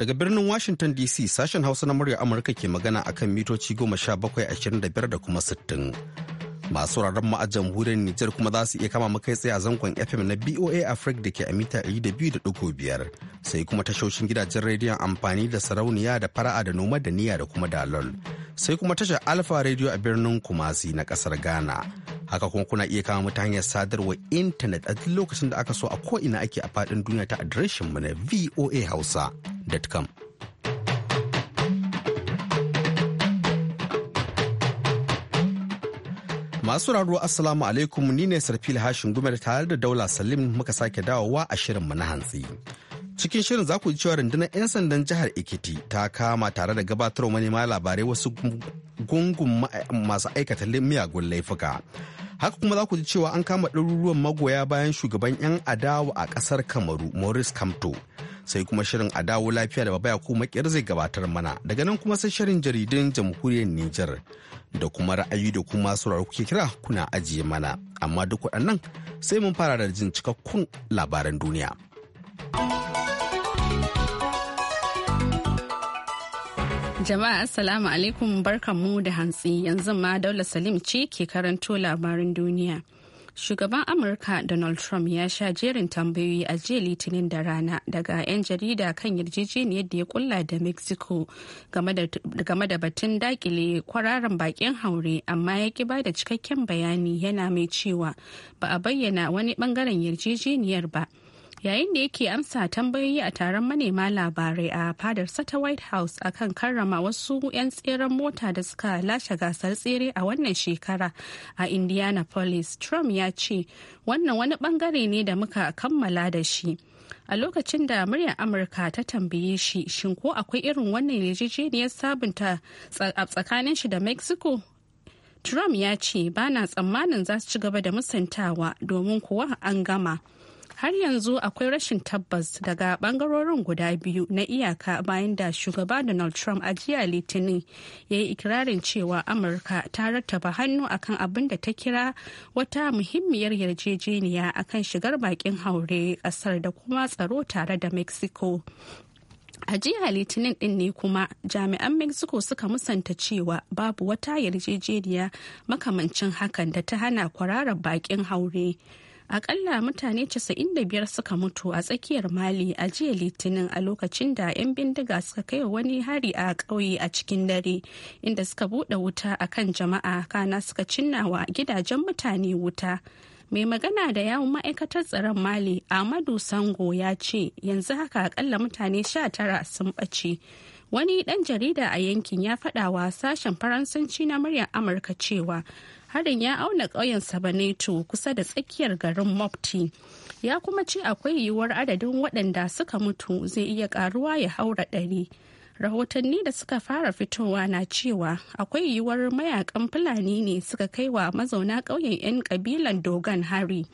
Daga birnin Washington DC sashen Hausa na murya Amurka ke magana a kan mitoci goma sha bakwai ashirin da kuma sittin Masu wuraren mu a jamhuriyar Nijar kuma za su iya kama makai tsaye a zangon FM na BOA Africa da ke a mita 200.5 sai kuma tashoshin gidajen rediyon amfani da sarauniya da fara'a da noma da niyya da kuma dalol. sai kuma tashar Alfa Radio a birnin Kumasi na kasar Ghana. Haka kuma kuna iya kama mu ta hanyar sadarwar intanet a duk lokacin da aka so a ko'ina ake a faɗin duniya ta adireshin mu na voahausa.com. Masu raro Assalamu alaikum ni ne Sarfil Hashin gumar tare da Daula Salim muka sake dawowa a shirin mu na hantsi. cikin shirin za ku ji cewa rundunar 'yan sandan jihar ekiti ta kama tare da gabatar manema labarai wasu gungun masu aikata miyagun laifuka haka kuma za ku ji cewa an kama ɗaruruwan magoya bayan shugaban 'yan adawa a ƙasar kamaru maurice kamto sai kuma shirin adawo lafiya da babaya ko makiyar zai gabatar mana daga nan kuma sai shirin jaridun jamhuriyar Nijar da kuma ra'ayi da kuma sauraro kuke kira kuna ajiye mana amma duk waɗannan sai mun fara da jin cikakkun labaran duniya. thank Jama'a Assalamu alaikum barkanmu da hantsi yanzu ma Daula Salim ce ke karanto labarin duniya. Shugaban Amurka Donald Trump ya sha jerin tambayoyi a jiya litinin da rana daga 'yan jarida kan yarjejeniyar da ya kulla da Mexico game da batun dakile kwararan bakin haure amma ya ƙi bada cikakken bayani yana mai cewa ba a bayyana wani bangaren yarjejeniyar ba. yayin da yake amsa tambayoyi a taron manema labarai a fadarsa ta white house akan karrama wasu 'yan tseren mota da suka lashe gasar tsere a wannan shekara a indianapolis trump ya ce wannan wani bangare ne da muka kammala da shi a lokacin da muryar amurka ta tambaye shi shin ko akwai irin wannan yarjejeniyar sabunta a tsakanin shi da mexico trump ya ce ba na tsammanin za su ci gaba da musantawa domin kuwa an gama har yanzu akwai rashin tabbas daga bangarorin guda biyu na iyaka bayan da shugaba donald trump a jiya litinin ya yi ikirarin cewa amurka ta rattaba hannu akan abin da ta kira wata muhimmiyar yarjejeniya akan shigar bakin haure kasar da kuma tsaro tare da mexico a jiya litinin din ne kuma jami'an mexico suka musanta cewa babu wata yarjejeniya makamancin hakan da ta hana kwararar bakin haure akalla mutane 95 suka mutu a tsakiyar mali a jiya litinin a lokacin da 'yan bindiga suka kai wani hari a ƙauye a cikin dare inda suka buɗe wuta a kan jama'a kana suka cinna wa gidajen mutane wuta mai magana da yawun ma'aikatar tsaron mali ahmadu sango ya ce yanzu haka akalla mutane 19 sun ɓace wani ɗan jarida a yankin ya faɗawa sashen faransanci na muryar amurka cewa harin ya auna ƙauyen sabaneto kusa da tsakiyar garin mopti ya kuma ce akwai yiwuwar adadin waɗanda suka mutu zai iya ƙaruwa ya haura ɗari rahotanni da suka fara fitowa na cewa akwai yiwuwar mayakan fulani ne suka kai wa mazauna ƙauyen 'yan ƙabilan dogon hari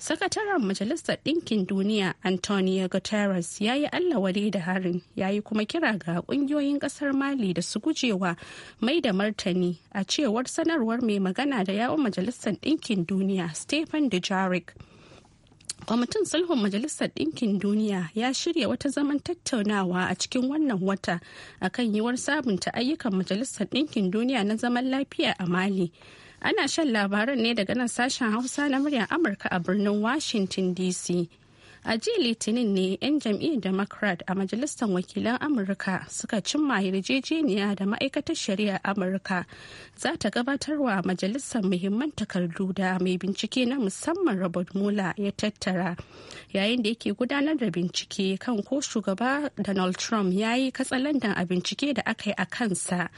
sakataren majalisar ɗinkin duniya antonio guterres ya yi allawale da harin ya yi kuma kira ga ƙungiyoyin ƙasar mali da su gujewa mai da martani a cewar sanarwar mai magana da yawon majalisar ɗinkin duniya stephen dujarric kwamitin sulhun majalisar ɗinkin duniya ya shirya wata zaman tattaunawa a cikin wannan wata akan yiwuwar sabunta ayyukan majalisar ɗinkin duniya na zaman lafiya a mali Ana shan labaran ne daga nan sashen Hausa na muryar Amurka a birnin Washington DC a jiya litinin ne 'yan jam'iyyar democrat a majalisar wakilan amurka suka cimma yarjejeniya da ma'aikatar shari'a amurka za ta gabatarwa majalisar muhimman takardu da mai bincike na musamman robert mula ya tattara yayin da yake gudanar da bincike kan ko shugaba donald trump ya yi katsalandan a bincike da aka yi a kansa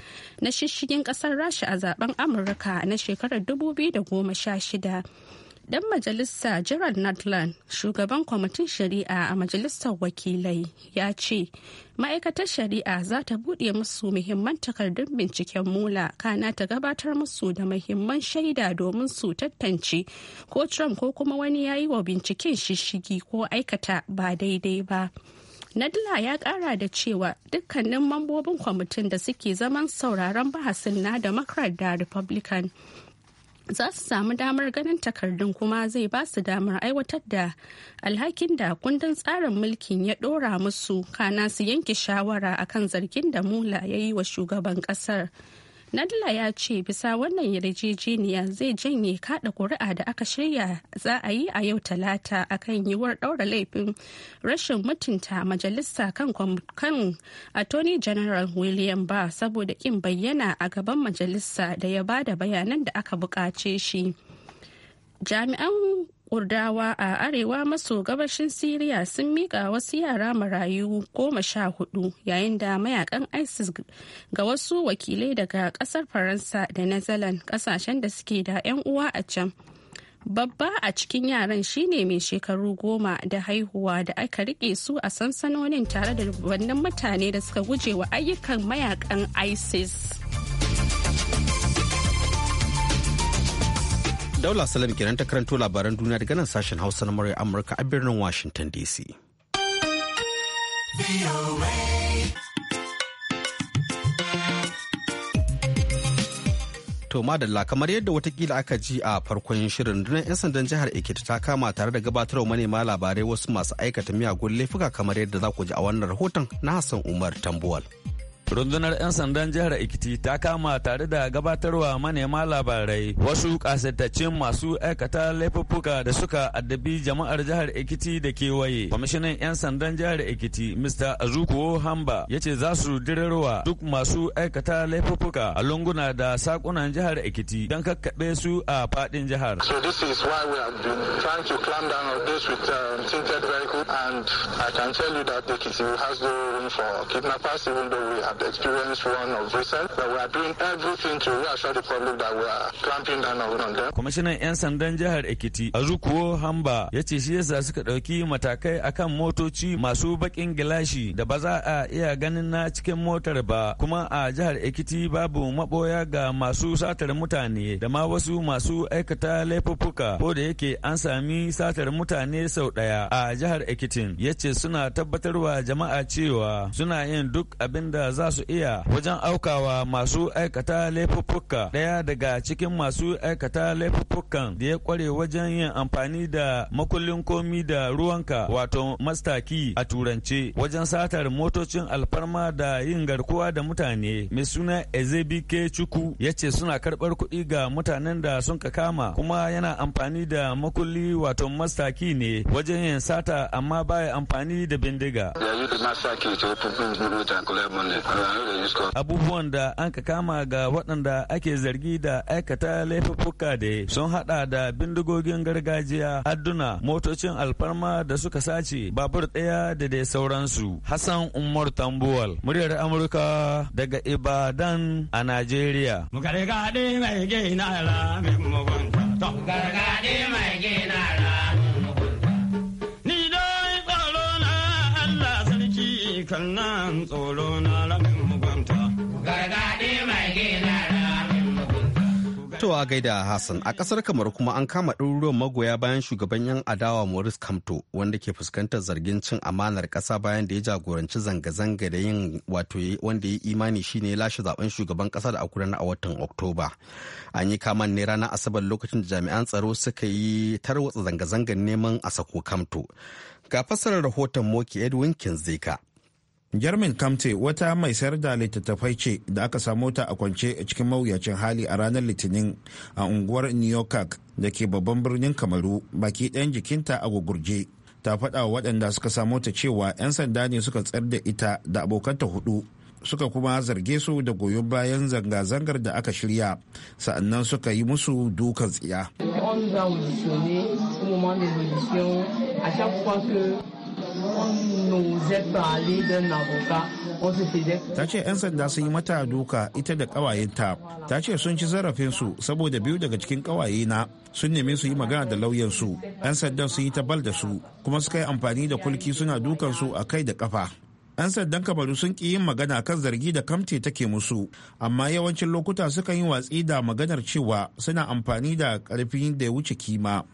na shishigin kasar rasha a zaben amurka na shekarar 2016 dan majalisa gerald nadlan shugaban kwamitin shari'a a majalisar wakilai ya ce ma'aikatar shari'a za ta buɗe musu muhimman takardun binciken mula kana ta gabatar musu da muhimman shaida domin su tantance ko trump ko kuma wani ya yi wa binciken shishigi ko aikata ba daidai ba Nadla ya kara da cewa dukkanin mambobin kwamitin da suke zaman sauraron bahasin na Democrat da Republican za su samu damar ganin takardun kuma zai ba su damar aiwatar da alhakin da kundin tsarin mulkin ya ɗora musu kana su yanke shawara akan zargin da mula ya yi wa shugaban ƙasar. Nadla ya ce bisa wannan yarjejeniya zai janye kada kuri'a da aka shirya za a yi a yau talata akan yiwuwar ɗaura laifin rashin mutunta majalisa kan kan Attorney General William Barr saboda kin bayyana a gaban majalisa da ya bada bayanan da aka buƙace shi. Jami'an kurdawa a arewa maso gabashin siriya sun mika wasu yara marayu goma sha hudu yayin da mayakan isis ga wasu wakilai daga kasar faransa da netherlands kasashen da suke da 'yan uwa a can babba a cikin yaran shine mai shekaru goma da haihuwa da aka rike su a sansanonin tare da wannan mutane da suka guje wa ayyukan mayakan isis Daula Salam kenan ta karanto labaran duniya daga nan sashen Hausa na murya Amurka a birnin Washington DC. To madalla kamar yadda watakila aka ji a farkon shirin rundunar 'yan sandan jihar Ekiti ta kama tare da gabatarwa manema labarai wasu masu aikata miyagun laifuka kamar yadda za ku ji a wannan rahoton na Hassan Umar Tambuwal. rundunar 'yan sandan jihar Ekiti ta kama tare da gabatarwa manema labarai wasu kasattacin masu aikata laifuffuka da suka addabi jama'ar jihar Ekiti da kewaye. Kwamishinan 'yan sandan jihar Ekiti Mr. Azukuo Hamba ya ce za su dirarwa duk masu aikata laifuffuka a lunguna da sakunan jihar Ekiti don kakkaɓe su a faɗin jihar. So this is um, and I can tell you that the Ekiti has no room for kidnappers even though we have experienced one of recent that we are doing everything to reassure the public that we are clamping down on them. Kwamishinan 'yan sandan jihar Ekiti Azukuo Hamba ya ce shi yasa suka ɗauki matakai akan motoci masu baƙin gilashi da ba za a iya ganin na cikin motar ba kuma a jihar Ekiti babu maɓoya ga masu satar mutane da ma wasu masu aikata laifuffuka ko da yake an sami satar mutane sau ɗaya a jihar Ekitin ya ce suna tabbatarwa jama'a cewa suna yin duk abin da za su iya wajen aukawa masu aikata laifuffuka ɗaya daga cikin masu aikata laifuffukan da ya kware wajen yin amfani da makullin komi da ruwanka wato mastaki a turance wajen satar motocin alfarma da yin garkuwa da mutane mai suna ezebike cuku ya ce suna karɓar kuɗi ga mutanen da sun ka kama kuma yana amfani da makulli wato mastaki ne wajen yin sata amma baya amfani da bindiga. Abubuwan da an ka kama ga waɗanda ake zargi da aikata laifuffuka da sun hada da bindigogin gargajiya, adduna, motocin alfarma da suka sace, babur ɗaya da dai sauransu. Hassan Umar Tambuwal, muryar Amurka daga Ibadan a Najeriya. kan nan tsoro. To a gaida Hassan a kasar kamar kuma an kama ɗaruruwan magoya bayan shugaban 'yan adawa Morris Kamto wanda ke fuskantar zargin cin amanar ƙasa bayan da ya jagoranci zanga-zanga da yin wato wanda ya imani shine lashe zaben shugaban ƙasa da aka a watan Oktoba. An yi kaman ne ranar Asabar lokacin da jami'an tsaro suka yi tarwatsa zanga-zangar neman a sako Kamto. Ga fassarar rahoton Moki Edwin Kinzeka. Jermin Kamte wata mai sayar da littattafai ce da aka samo ta a kwance cikin mawuyacin hali a ranar Litinin a unguwar New York da ke babban birnin Kamaru baki ɗayan jikinta a gugurje. Ta faɗa wa waɗanda suka samo ta cewa 'yan sanda ne suka tsar da ita da abokanta hudu suka kuma zarge su da goyon bayan zanga-zangar da aka shirya sa'annan suka yi musu dukan tsiya. ta ce 'yan sanda sun yi mata duka ita da ƙawayenta ta ce sun ci zarafinsu saboda biyu daga cikin ƙawaye na sun nemi su yi magana da lauyansu 'yan sandan sun yi tabal da su kuma suka yi amfani da kulki suna dukansu a kai da kafa 'yan sandan kamaru sun ki yin magana kan zargi da kamte take musu amma yawancin lokuta sukan yi watsi da maganar cewa suna amfani da ƙarfi da ya wuce kima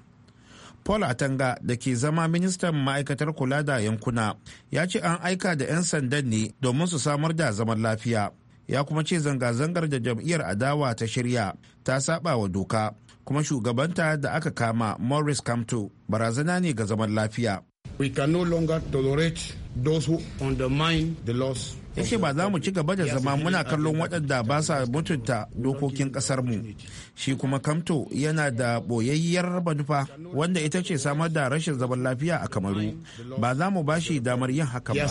paul atanga da ke zama ministan ma'aikatar kula da yankuna ya ce an aika da 'yan sandan ne domin su samar da zaman lafiya ya kuma ce zanga-zangar da jam'iyyar adawa ta shirya ta saba wa doka kuma shugabanta da aka kama maurice kamto barazana ne ga zaman lafiya We can no longer tolerate those who undermine the laws yake ce ba za mu ci gaba da zama muna kallon waɗanda ba sa mutunta dokokin ƙasarmu shi kuma kamto yana da boyayyar manufa wanda ita ce samar da rashin zaman lafiya a kamaru ba za mu bashi damar yin haka ba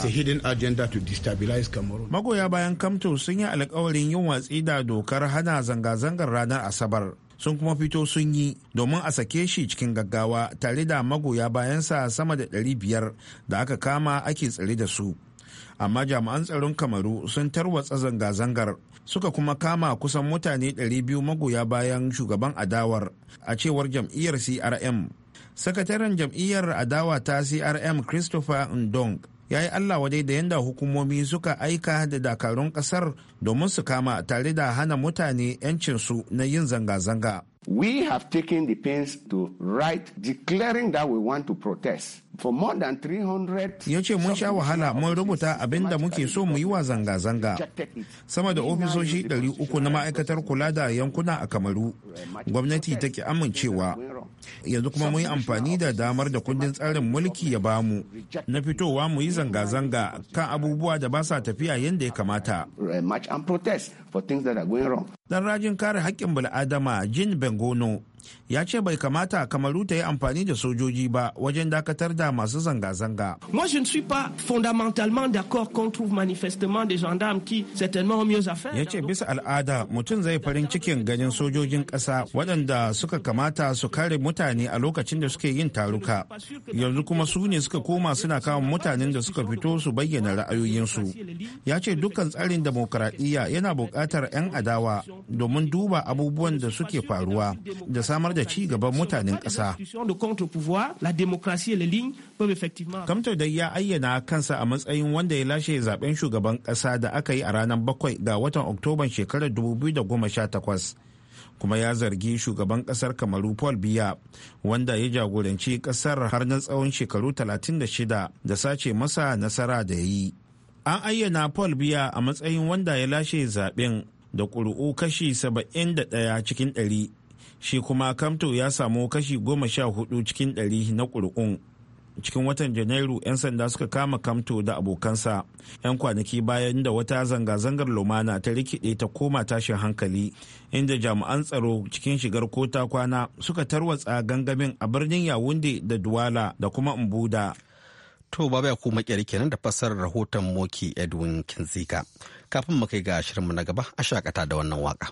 magoya bayan kamto sun yi alkawarin yin watsi da dokar hana zanga-zangar ranar asabar sun kuma fito sun yi domin a sake shi cikin gaggawa tare da magoya bayansa sama da 500 da aka kama ake tsare da su amma jami'an tsaron kamaru sun tarwatsa zanga-zangar suka kuma kama kusan mutane 200 magoya bayan shugaban adawar a cewar jam'iyyar crm sakataren jam'iyyar adawa ta crm christopher ndong ya yi allah wadai da yadda hukumomi suka aika da dakarun kasar domin su kama tare da hana mutane 'yancinsu na yin zanga-zanga We have taken the pains to write declaring that we want to protest. ya ce mun sha wahala mun rubuta abin da muke so mu yi wa zanga-zanga sama da ofisoshi 300 na ma'aikatar kula da yankuna a kamaru gwamnati ta ki amincewa yanzu kuma mun yi amfani da damar da kundin tsarin mulki ya bamu na fitowa mu yi zanga-zanga kan abubuwa da ba sa tafiya yadda ya kamata uh, dan rajin kare haƙƙin bil'adama jin bengono ya ce bai kamata kamaru ta yi amfani da sojoji ba wajen dakatar da masu zanga-zanga. Moi je ne suis pas fondamentalement d'accord qu'on trouve Ya ce bisa al'ada mutum zai farin cikin ganin sojojin ƙasa waɗanda suka kamata su kare mutane a lokacin da suke yin taruka. Yanzu kuma su ne suka koma suna kawo mutanen da suka fito su bayyana ra'ayoyinsu. Ya ce dukkan tsarin demokradiyya yana buƙatar 'yan adawa domin duba abubuwan da suke faruwa da samar da ci gaban mutanen ƙasa. Kamtar dai ya ayyana kansa a matsayin wanda ya lashe zaben shugaban ƙasa da aka yi a ranar bakwai ga watan Oktoban shekarar 2018. kuma ya zargi shugaban kasar kamaru paul biya wanda ya jagoranci kasar har na tsawon shekaru 36 da sace masa nasara da ya yi an ayyana paul biya a matsayin wanda ya lashe zaben da ƙuri'u kashi 71 cikin ɗari. shi kuma kamto ya samu kashi goma sha hudu cikin ɗari na ƙuri'un cikin watan janairu 'yan sanda suka kama kamto da abokansa 'yan kwanaki bayan da wata zanga-zangar lumana ta rikide ta koma tashin hankali inda jami'an tsaro cikin shigar kota kwana suka tarwatsa gangamin a birnin yawunde da duwala da kuma mbuda to ba ya kuma kyari kenan da fasar rahoton moki edwin kinzika kafin mu kai ga shirinmu na gaba a shakata da wannan waka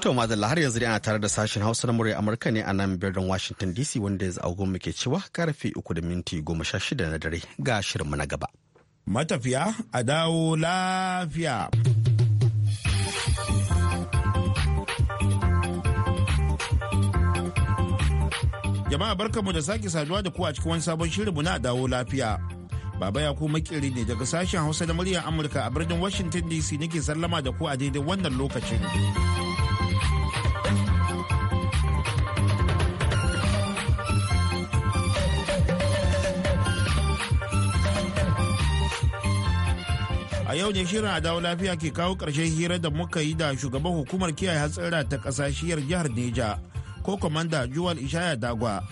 To madalla har yanzu ana tare da sashen Hausa na murya Amurka ne a nan birnin Washington DC wanda yanzu agon muke cewa karfe uku da minti goma shida na dare ga shirinmu na gaba. Matafiya a dawo lafiya. Jama'a mu da sake saduwa da ku a cikin wani sabon shirinmu na dawo lafiya. Baba ya ku makiri ne daga sashen Hausa da muryar Amurka a birnin Washington DC nake sallama da ku a daidai wannan lokacin. a yau ne shirin adawa lafiya ke kawo ƙarshen hira da muka yi da shugaban hukumar kiyaye hatsara ta kasashiyar jihar neja ko kwamanda juwal ishaya dagwa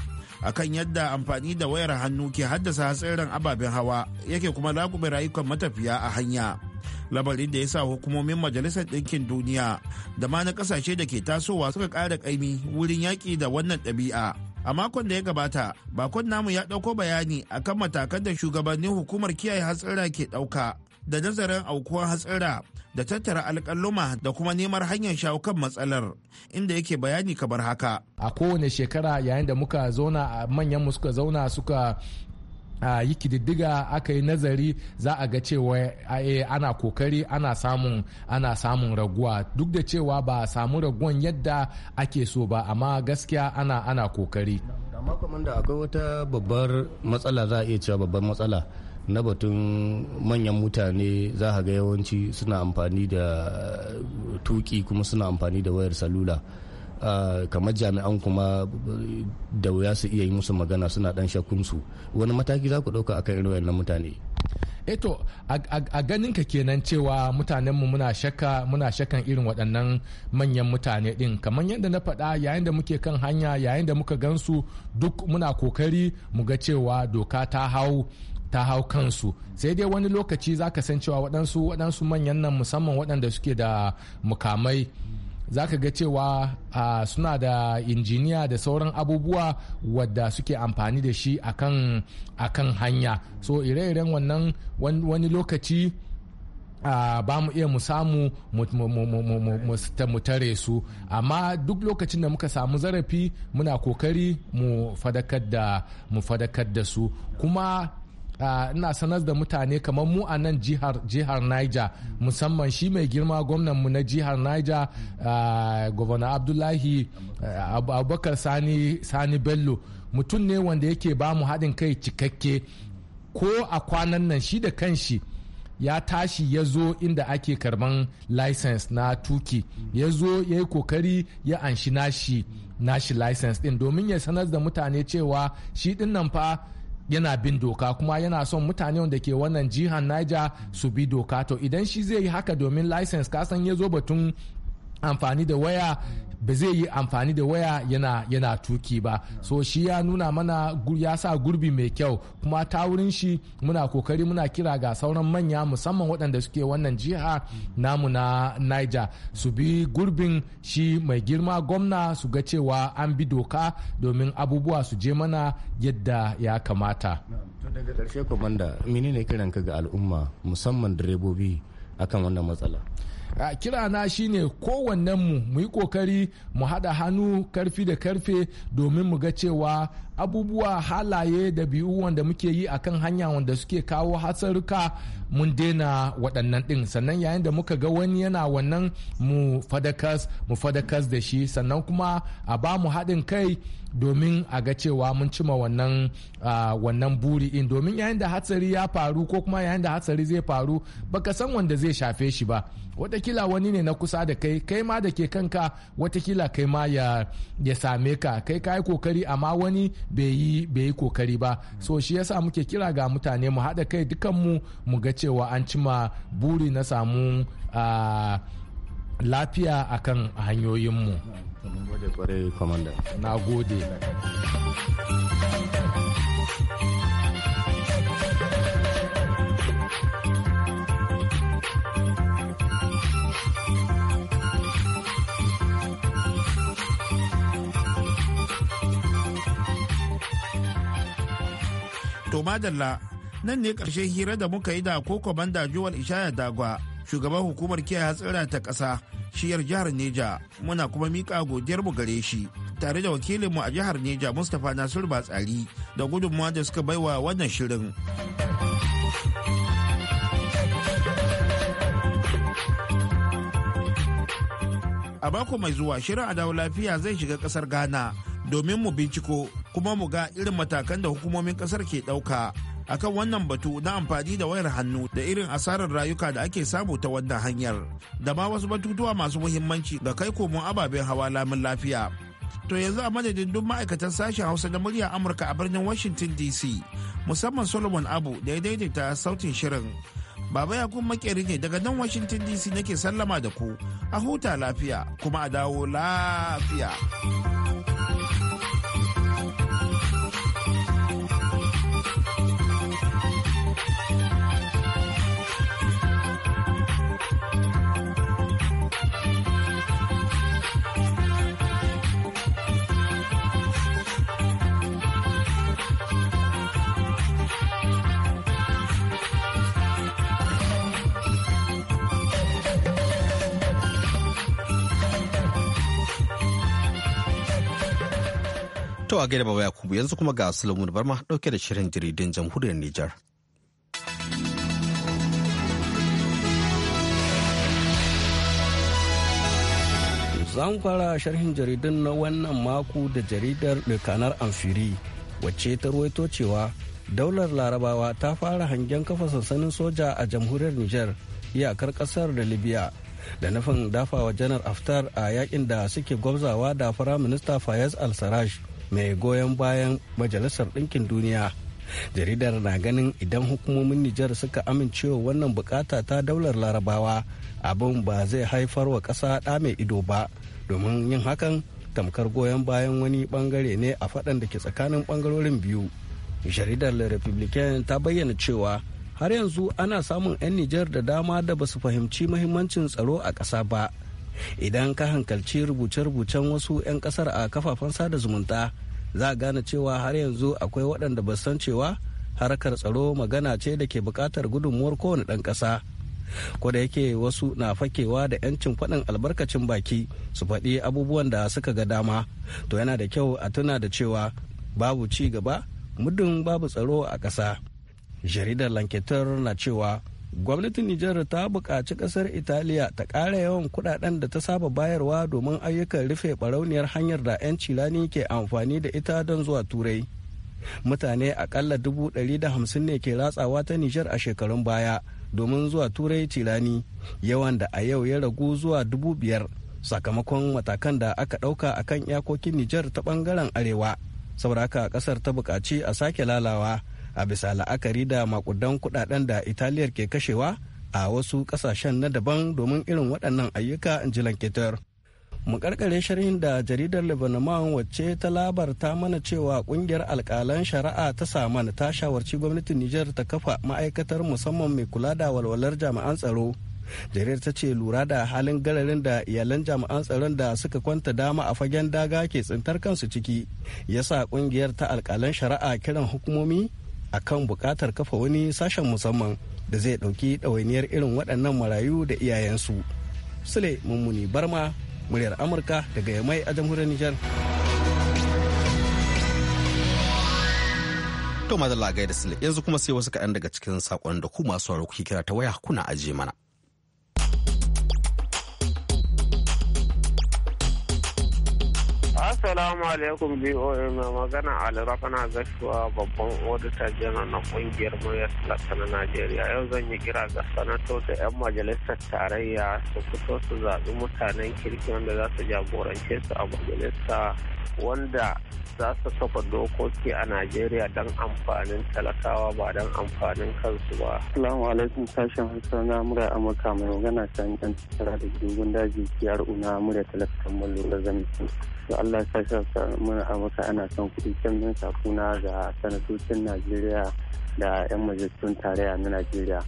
akan yadda amfani da wayar hannu ke haddasa hatsarin ababen hawa yake kuma lakube rayukan matafiya a hanya labarin da ya sa hukumomin majalisar ɗinkin duniya da ma na ƙasashe da ke tasowa suka ƙara ƙaimi wurin yaƙi da wannan ɗabi'a a makon da ya gabata bakon namu ya ɗauko bayani akan matakan da shugabannin hukumar kiyaye hatsara ke ɗauka da nazarin aukuwar hatsira da tattara alkaluma da kuma neman hanyar shawo kan matsalar inda yake bayani kamar haka a kowane shekara yayin da muka zauna manyan mu suka zauna suka a uh, yi kididdiga aka yi nazari za a ga cewa e, ana kokari ana samun ana samun raguwa duk da cewa ba a samu raguwan yadda ake so ba amma gaskiya ana ana kokari da kamar da akwai wata babbar matsala za a iya cewa babbar matsala na batun manyan mutane za ga yawanci suna amfani da tuki kuma suna amfani da wayar salula kamar jami'an kuma da wuya su iya yi musu magana suna dan shakunsu wani mataki za ku ɗauka akan irin wayannan mutane eto eh a ganin ka kenan cewa mutanenmu muna shaka muna shakan irin waɗannan manyan mutane ɗin kamar yadda na faɗa yayin da muke kan hanya yayin da muka gansu duk muna kokari mu ga cewa doka ta hau ta hau kansu sai dai wani lokaci za ka san cewa waɗansu waɗansu manyan nan musamman waɗanda suke da mukamai za ka ga cewa suna da injiniya da sauran abubuwa wadda suke amfani da shi akan hanya so ire-iren wannan wani lokaci ba mu iya mu samu mu tare su amma duk lokacin da muka samu zarafi muna kokari mu mu fadakar da su kuma Ah, ina sanar da mutane kamar mu a nan jihar jihar Niger musamman shi mai girma gwamnan mu na jihar Niger ah, gwamna Abdullahi eh, Abubakar Sani Bello mutum ne wanda yake ba mu haɗin kai cikakke ko a kwanan nan shi da kanshi ya tashi ya zo inda ake karban license na tuki ya zo ya yi kokari ya anshi nashi nashi license din domin ya sanar da mutane cewa shi din fa yana bin doka kuma yana son mutane wanda ke wannan jihar Niger su bi doka to idan shi zai yi haka domin license kasan ya zo batun amfani da waya ba zai yi amfani da waya yana yana tuki ba so shi ya nuna mana ya sa gurbi mai kyau kuma ta wurin shi muna kokari muna kira ga sauran manya musamman waɗanda suke wannan jiha namu na niger su bi gurbin shi mai girma gwamna su ga cewa an bi doka domin abubuwa su je mana yadda ya kamata daga ƙarshe kwamanda menene kiranka ga al'umma musamman direbobi akan wannan matsala kira na shine kowannen mu mu yi kokari mu haɗa hannu karfi da karfe domin mu ga cewa abubuwa halaye da biyu wanda muke yi akan hanya wanda suke kawo hatsarika mun daina waɗannan ɗin sannan yayin da muka ga wani yana wannan mu fadakas mu fadakas da shi sannan kuma a ba mu haɗin kai domin a ga cewa mun cima wannan wannan buri in domin yayin da hatsari ya faru ko kuma yayin da hatsari zai faru baka san wanda zai shafe shi ba watakila wani ne na kusa da kai kai ma da ke kanka watakila kai ma ya same ka kai ka yi kokari amma wani bai yi kokari ba so shi yasa muke kira ga mutane mu haɗa kai dukanmu mu ga cewa an cima buri na samu lafiya akan hanyoyinmu na gode To madalla nan ne ƙarshen hira da muka yi da ko kwamandan Juwal Ishaya Dagwa shugaban hukumar kiyaye hatsira ta ƙasa shiyar jihar Neja muna kuma miƙa godiyar mu gare shi tare da wakilinmu a jihar Neja Mustapha Nasir Batsari da gudunmawa da suka baiwa wannan shirin. A mako mai zuwa shirin adawa lafiya zai shiga ƙasar Ghana domin mu binciko kuma mu ga irin matakan da hukumomin kasar ke ɗauka akan wannan batu na amfani da wayar hannu da irin asarar rayuka da ake samu ta wannan hanyar da ma wasu batutuwa masu muhimmanci ga kai komo ababen hawa lamun lafiya. To yanzu a madadin duk ma'aikatan sashen Hausa da murya Amurka a birnin Washington DC musamman Solomon Abu da ya daidaita sautin shirin. Baba ya kuma makeri ne daga nan Washington DC nake sallama da ku a huta lafiya kuma a dawo lafiya. a gaida baba Yakubu yanzu kuma ga Sulaimun Barma dauke da shirin jaridun jamhuriyar Nijar. Zan fara sharhin jaridun na wannan mako da jaridar Lekanar Amfiri wacce ta ruwaito cewa daular larabawa ta fara hangen kafa sansanin soja a jamhuriyar Nijar iyakar kasar da Libya da nufin dafawa janar aftar a yakin da suke gwamzawa da Firaminista Fayez Al-Sarraj mai goyon bayan majalisar ɗinkin duniya jaridar na ganin idan hukumomin nijar suka amincewa wannan bukata ta daular larabawa abin ba zai haifar wa ƙasa ɗa mai ido ba domin yin hakan tamkar goyon bayan wani bangare ne a faɗan da ke tsakanin bangarorin biyu jaridar le republican ta bayyana cewa har yanzu ana samun 'yan nijar da dama da ba su fahimci mahimmancin tsaro a ƙasa ba idan ka hankalci rubuce-rubucen wasu 'yan kasar a kafafen sada zumunta za a gane cewa har yanzu akwai waɗanda ba san cewa harkar tsaro magana ce da ke buƙatar gudunmuwar kowane ɗan ƙasa ko da yake wasu na fakewa da 'yancin faɗin albarkacin baki su faɗi abubuwan da suka ga dama to yana da kyau a tuna da cewa babu ci gaba muddin babu tsaro a ƙasa jaridar lanketar na cewa gwamnatin nijar ta buƙaci ƙasar italiya ta ƙara yawan kuɗaɗen da ta saba bayarwa domin ayyukan rufe barauniyar hanyar da 'yan cilani ke amfani da ita don zuwa turai mutane aƙalla dubu ɗari da hamsin ne ke ratsawa ta nijar a shekarun baya domin zuwa turai cilani yawan da a yau ya ragu zuwa dubu biyar sakamakon matakan da aka ɗauka a kan iyakokin nijar ta ɓangaren arewa saboda haka ƙasar ta buƙaci a sake lalawa a bisa la'akari da makudan kudaden da italiya ke kashewa a wasu kasashen na daban domin irin waɗannan ayyuka in ji mu karkare sharhin da jaridar lebanon wacce ta labarta mana cewa kungiyar alkalan shari'a ta saman ta shawarci gwamnatin nijar ta kafa ma'aikatar musamman mai kula da walwalar jami'an tsaro jaridar ta ce lura da halin gararin da iyalan jami'an tsaron da suka kwanta dama a fagen daga ke tsintar kansu ciki yasa kungiyar ta alkalan shari'a kiran hukumomi akan bukatar kafa wani sashen musamman da zai ɗauki ɗawainiyar irin waɗannan marayu da iyayensu. Sule Mummuni Barma, muryar Amurka daga Yamai a jamhuriyar Nijar. To lagai da Sule, yanzu kuma sai wasu kaɗan daga cikin saƙon da ku masu kuke kira ta waya kuna ajiye mana. Assalamu alaikum BOA mai magana Ali Rafana Gashuwa babban odita janar na kungiyar muryar talaka Najeriya. Yau zan yi kira ga da 'yan majalisar tarayya su fito su zaɓi mutanen kirki wanda za su jagorance su a majalisa wanda za su kafa dokoki a Najeriya don amfanin talakawa ba don amfanin kansu ba. Assalamu alaikum sashen Hausa na mura Amurka mai magana sani ɗan da dogon daji kiyar na mura da zami. Allah sassa mun amurka ana son kuɗi canjin sakuna ga sanatocin najeriya da 'yan majalisun tarayya na najeriya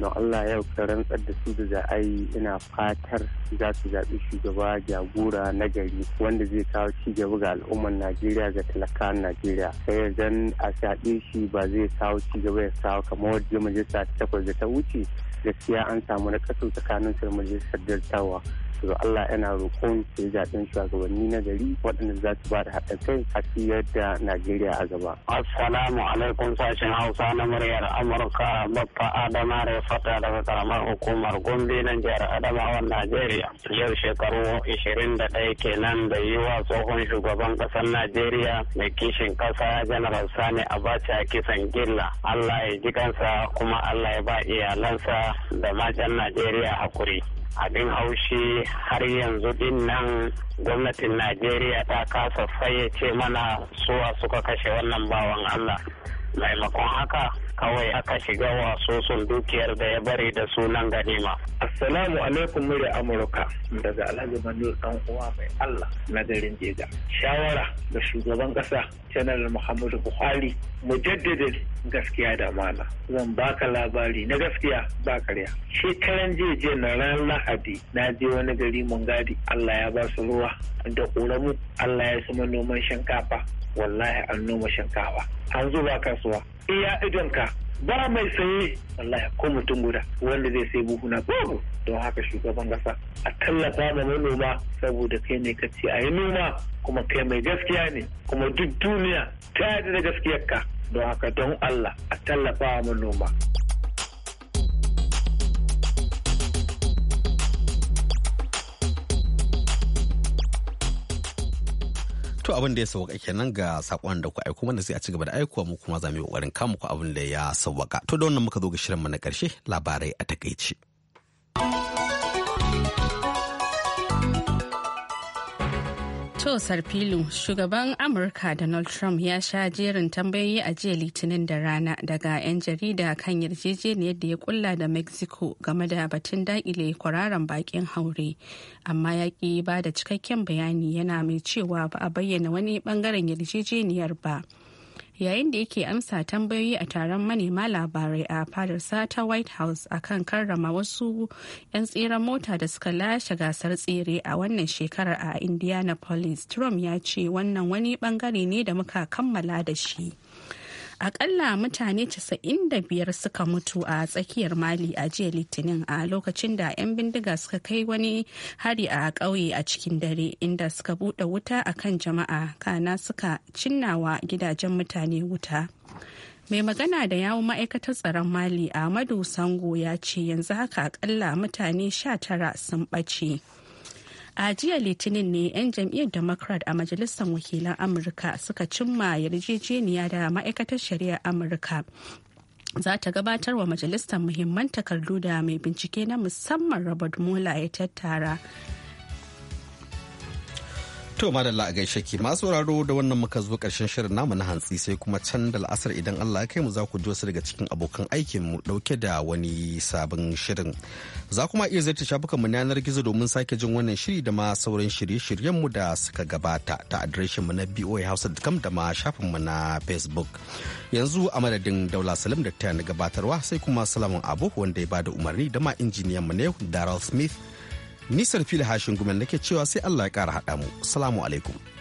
don allah yau ka rantsar da su da za a yi ina fatar za su zaɓi shugaba jagora na gari wanda zai kawo ci gaba ga al'ummar najeriya ga talaka najeriya sai zan a zaɓe shi ba zai kawo ci gaba ya kawo kamar wadda majalisa takwas da ta wuce gaskiya an samu na tsakanin majalisar dattawa su Allah yana roƙon su yi zaɓen shugabanni na gari waɗanda za su ba da haɗa kai a siyar da Najeriya a gaba. Assalamu alaikum sashen Hausa na muryar Amurka babba Adama da ya fata daga karamar hukumar Gombe na jihar adamawa Najeriya. Yau shekaru da 21 kenan da yi wa tsohon shugaban ƙasar Najeriya mai kishin ƙasa janaral Sani Abacha kisan gilla. Allah ya ji kansa kuma Allah ya ba iyalansa da majan Najeriya hakuri. abin haushi har yanzu din nan gwamnatin najeriya ta kasa fayyace mana suwa suka kashe wannan bawan allah maimakon haka kawai aka shiga wasosun dukiyar da ya bari da sunan ganima. Assalamu alaikum muryar Amurka daga Alhaji manu dan uwa mai Allah na garin Jega. Shawara da shugaban kasa Janar Muhammadu Buhari mu jaddada gaskiya da amana. Zan baka labari na gaskiya ba karya. Shekaran jeje na ran Lahadi na je wani gari mun gadi Allah ya ba su ruwa da ƙoramu Allah ya su manoman shinkafa wallahi an noma shinkafa an zuba kasuwa iya idonka ba mai saye wallahi ko mutum guda wanda zai sai buhuna babu don haka shugaban kasa a tallafa da manoma saboda kai ne ka ce a yi noma kuma kai mai gaskiya ne kuma duk duniya ta yarda da gaskiyarka don haka don Allah a tallafa wa manoma. To abin da ya sauka kenan ga sakon da ku aiko mana sai a ci gaba da aikowa mu kuma za mu yi kokarin kamu ku abin da ya sauka. To da wannan muka zo ga shirin na karshe labarai a takaice. To Sarfilu, shugaban Amurka Donald Trump ya sha jerin tambayoyi a jiya litinin da rana daga 'yan jarida kan yarjejeniyar da ya kulla da Mexico game da batun dakile kwararan bakin haure, amma ya ki ba da cikakken bayani yana mai cewa ba a bayyana wani bangaren yarjejeniyar ba. yayin da yake amsa tambayoyi a taron manema labarai a fadar ta white house a kan karrama wasu 'yan tseren mota da suka lashe gasar tsere a wannan shekarar a indianapolis trump ya ce wannan wani bangare ne da muka kammala da shi akalla mutane 95 suka mutu a tsakiyar mali a jiya litinin a lokacin da 'yan bindiga suka kai wani hari a ƙauye a cikin dare inda suka buɗe wuta a kan jama'a kana suka cinnawa gidajen mutane wuta mai magana da yawun ma'aikatar tsaron mali ahmadu sango ya ce yanzu haka akalla mutane 19 sun ɓace. a jiya litinin ne 'yan jam'iyyar democrat a majalisar wakilan amurka suka cimma yarjejeniya da ma'aikatar shari'ar amurka za ta gabatar wa majalisar muhimman takardu da mai bincike na musamman robert mueller ya tattara To madalla a gaishe ki masu sauraro da wannan muka zo karshen shirin namu na hantsi sai kuma can da la'asar idan Allah ya kai mu za ku ji wasu daga cikin abokan aikin mu dauke da wani sabon shirin. Za kuma iya zai shafukan mu na yanar gizo domin sake jin wannan shiri da ma sauran shirye-shiryen mu da suka gabata ta adireshin mu na boahausa.com da ma shafin mu na Facebook. Yanzu a madadin Daula Salim da ta gabatarwa sai kuma Salamun Abu wanda ya bada umarni da ma injiniyan mu ne Daryl Smith. nisar fili hashin gumen nake cewa sai allah ya kara haɗa mu salamu alaikum